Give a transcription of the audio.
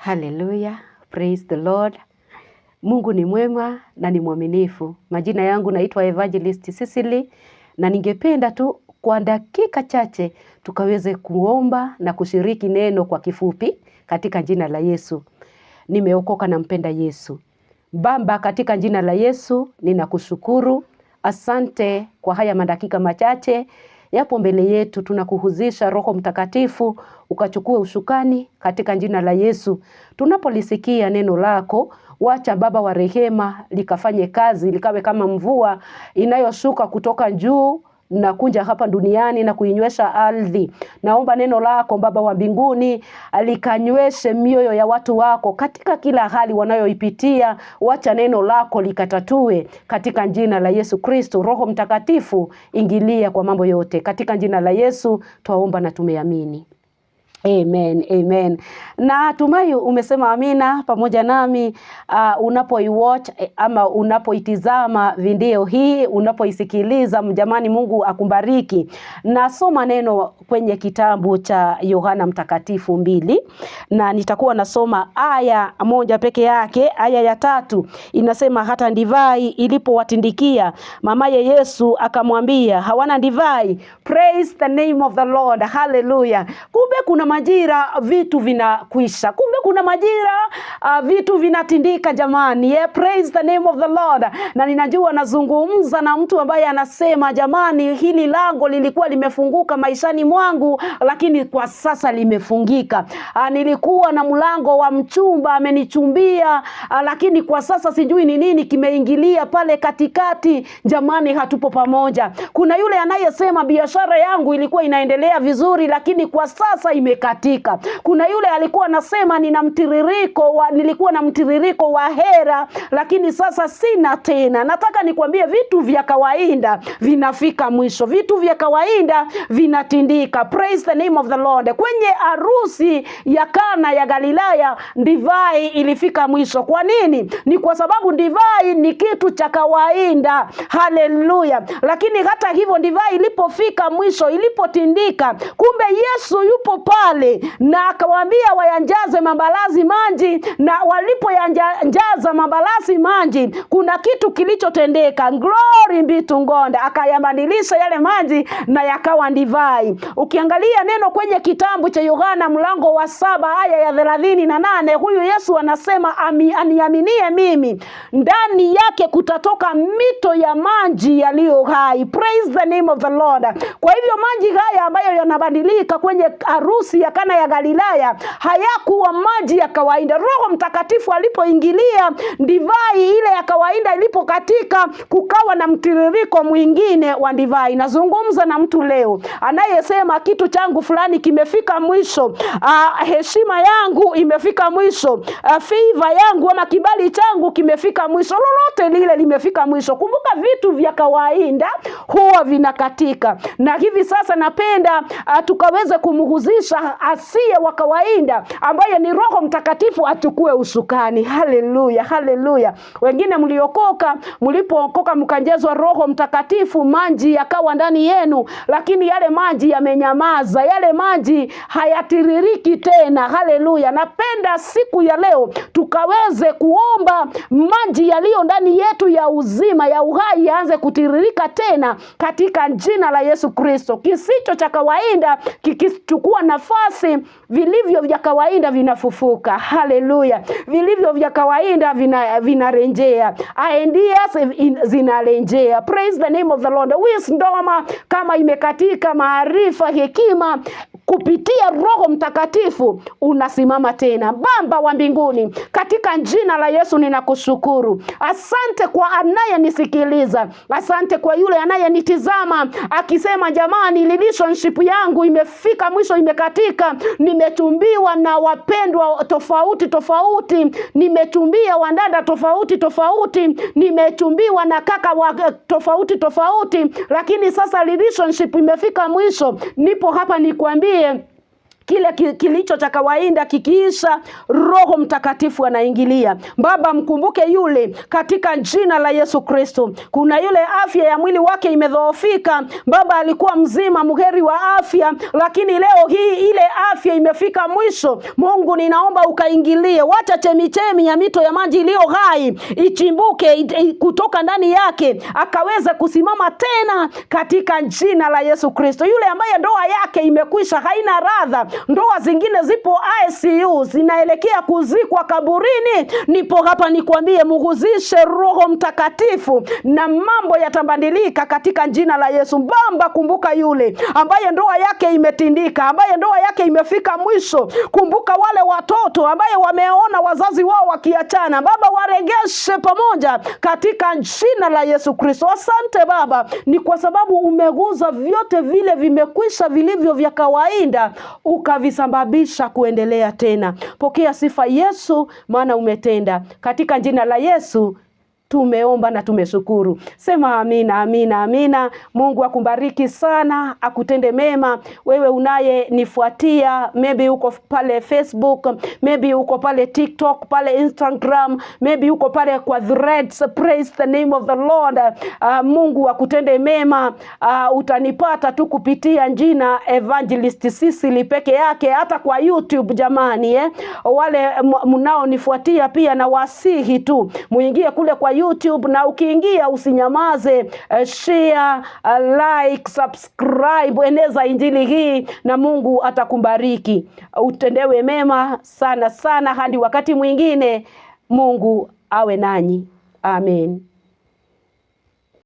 Haleluya, praise the Lord. Mungu ni mwema na ni mwaminifu. Majina yangu naitwa Evangelist Sicily na ningependa tu kwa dakika chache tukaweze kuomba na kushiriki neno kwa kifupi katika jina la Yesu. Nimeokoka na mpenda Yesu. Baba, katika jina la Yesu ninakushukuru. Asante kwa haya madakika machache yapo mbele yetu. Tunakuhuzisha Roho Mtakatifu ukachukue ushukani katika jina la Yesu. Tunapolisikia neno lako, wacha Baba wa rehema likafanye kazi, likawe kama mvua inayoshuka kutoka juu nakunja hapa duniani na kuinywesha ardhi. Naomba neno lako Baba wa mbinguni likanyweshe mioyo ya watu wako katika kila hali wanayoipitia, wacha neno lako likatatue katika jina la Yesu Kristo. Roho Mtakatifu, ingilia kwa mambo yote katika jina la Yesu twaomba na tumeamini. Amen, amen. Na tumai umesema amina pamoja nami uh, unapoiwatch eh, ama unapoitizama video hii, unapoisikiliza, mjamani, Mungu akubariki. Nasoma neno kwenye kitabu cha Yohana Mtakatifu mbili na nitakuwa nasoma aya moja peke yake. Aya ya tatu inasema, hata ndivai ilipowatindikia mamaye Yesu akamwambia, hawana ndivai. Praise the name of the Lord. Hallelujah. Kumbe kuna majira vitu vinakuisha. Kumbe kuna majira uh, vitu vinatindika jamani. Yeah, praise the name of the Lord. Na ninajua nazungumza na mtu ambaye anasema jamani, hili lango lilikuwa limefunguka maishani mwangu, lakini kwa sasa limefungika. Uh, nilikuwa na mlango wa mchumba amenichumbia, uh, lakini kwa sasa sijui ni nini kimeingilia pale katikati. Jamani, hatupo pamoja. Kuna yule anayesema biashara yangu ilikuwa inaendelea vizuri, lakini kwa sasa ime imekatika. Kuna yule alikuwa anasema nina mtiririko wa, nilikuwa na mtiririko wa hera lakini sasa sina tena. Nataka nikwambie vitu vya kawaida vinafika mwisho, vitu vya kawaida vinatindika. Praise the name of the Lord. Kwenye harusi ya Kana ya Galilaya divai ilifika mwisho. Kwa nini? Ni kwa sababu divai ni kitu cha kawaida. Haleluya! Lakini hata hivyo divai ilipofika mwisho, ilipotindika, kumbe Yesu yupo pale pale na akawaambia wayanjaze mabalazi manji na walipoyanjaza mabalazi manji kuna kitu kilichotendeka. Glory be to God, akayabadilisha yale manji na yakawa divai. Ukiangalia neno kwenye kitabu cha Yohana mlango wa saba aya ya thelathini na nane huyu Yesu anasema ami, aniaminie mimi ndani yake kutatoka mito ya maji yaliyo hai. Praise the name of the Lord. Kwa hivyo maji haya ambayo yanabadilika kwenye harusi ya Kana ya Galilaya hayakuwa maji ya kawaida. Roho Mtakatifu alipoingilia, divai ile ya kawaida ilipokatika, kukawa na mtiririko mwingine wa divai. Nazungumza na mtu leo anayesema kitu changu fulani kimefika mwisho, ah, heshima yangu imefika mwisho, ah, fiva yangu ama kibali changu kimefika mwisho, lolote lile limefika mwisho. Kumbuka vitu vya kawaida huwa vinakatika, na hivi sasa napenda ah, tukaweze kumhuzisha asiye wa kawaida ambaye ni Roho Mtakatifu achukue usukani. Haleluya, haleluya. Wengine mliokoka, mlipookoka mkanjezwa Roho Mtakatifu, maji yakawa ndani yenu, lakini yale maji yamenyamaza, yale maji hayatiririki tena. Haleluya. Napenda siku ya leo tukaweze kuomba maji yaliyo ndani yetu ya uzima, ya uhai yaanze kutiririka tena katika jina la Yesu Kristo. Kisicho cha kawaida kikichukua nafasi vikosi vilivyo vya kawaida vinafufuka. Haleluya! vilivyo vya kawaida vinarejea, ideas zinarejea. Praise the name of the Lord. Wisdom kama imekatika, maarifa, hekima kupitia Roho Mtakatifu unasimama tena. Baba wa mbinguni, katika jina la Yesu ninakushukuru. Asante kwa anayenisikiliza, asante kwa yule anayenitizama akisema, jamani, relationship yangu imefika mwisho, imekatika, nimetumbiwa na wapendwa tofauti tofauti, nimetumbia wandada tofauti tofauti, nimetumbiwa na kaka wa tofauti tofauti, lakini sasa relationship imefika mwisho. Nipo hapa nikuambie Usikie kile kilicho cha kawaida kikiisha, Roho Mtakatifu anaingilia. Baba, mkumbuke yule katika jina la Yesu Kristo. Kuna yule afya ya mwili wake imedhoofika, Baba alikuwa mzima mheri wa afya, lakini leo hii ile tumefika mwisho. Mungu ninaomba ukaingilie, wacha chemichemi ya mito ya maji iliyo hai ichimbuke kutoka ndani yake akaweza kusimama tena katika jina la Yesu Kristo. Yule ambaye ndoa yake imekwisha haina radha, ndoa zingine zipo ICU zinaelekea kuzikwa kaburini, nipo hapa nikwambie, muguzishe Roho Mtakatifu na mambo yatabadilika katika jina la Yesu. Bamba, kumbuka yule ambaye ndoa yake imetindika, ambaye ndoa yake imefika mwisho. Kumbuka wale watoto ambaye wameona wazazi wao wakiachana, Baba waregeshe pamoja katika jina la Yesu Kristo. Asante Baba, ni kwa sababu umeguza vyote vile vimekwisha vilivyo vya kawaida, ukavisababisha kuendelea tena. Pokea sifa Yesu, maana umetenda katika jina la Yesu tumeomba na tumeshukuru. Sema amina, amina, amina. Mungu akubariki sana, akutende mema. Wewe unayenifuatia, maybe uko pale Facebook, maybe uko pale TikTok, pale Instagram, maybe uko pale kwa threads. Praise the name of the Lord. Uh, Mungu akutende mema. Uh, utanipata tu kupitia jina Evangelist Sisili peke yake, hata kwa YouTube jamani, eh? Wale mnaonifuatia pia na wasihi tu muingie kule kwa YouTube na ukiingia usinyamaze. Uh, share, uh, like, subscribe, eneza injili hii na Mungu atakubariki. utendewe mema sana sana hadi wakati mwingine. Mungu awe nanyi. Amen.